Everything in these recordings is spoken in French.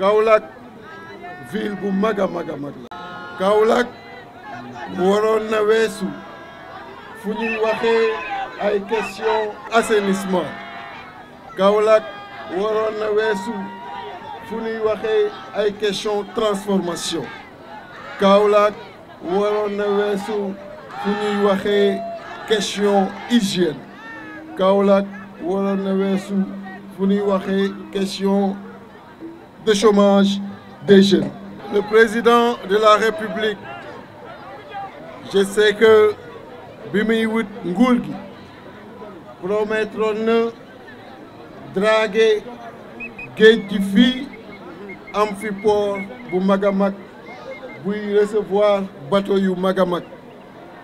Kaulak ville bu maga maga mag na weesu fu waxé ay question assainissement Kaulak waron na weesu fu waxé ay question transformation Kaulak waron na weesu fu waxé question hygiène Kaolak, waroon question de chômage des jeunes le président de la République je sais que bimi Ngulgi ngourgi promettre gi draguer géej recevoir bateau du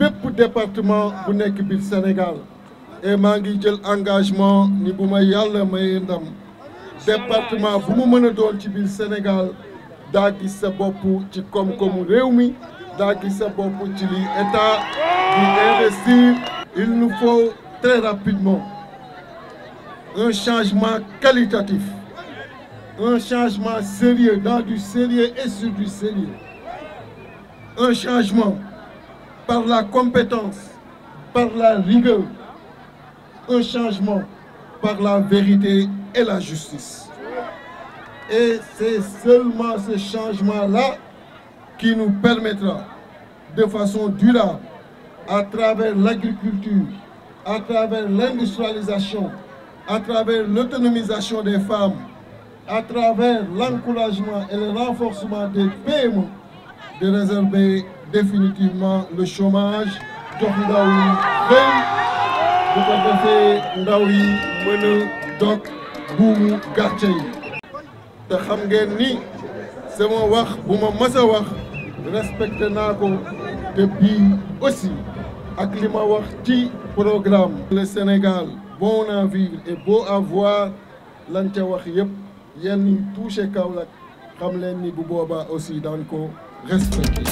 le département bu nekk biir Sénégal et je ngi jël engagement ni bu ma yàlla ndam département bu mu mën a doon ci Sénégal vous gis sa bopp le koom-koomu réew sa ci investir il nous faut très rapidement un changement qualitatif un changement sérieux dans du sérieux et sur du sérieux un changement par la compétence, par la rigueur, un changement par la vérité et la justice. Et c'est seulement ce changement-là qui nous permettra de façon durable, à travers l'agriculture, à travers l'industrialisation, à travers l'autonomisation des femmes, à travers l'encouragement et le renforcement des paiements de réserver définitivement le chômage nous avons fait, nous avons fait, mën avons fait, ni sama wax nous aussi ak li programme le Sénégal bon à et beau avoir voir y wax yenn comme l'ennemi aussi aussi respecté